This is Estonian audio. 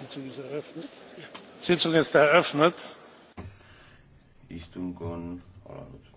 sitzung ist eröffnet. istung on alanud.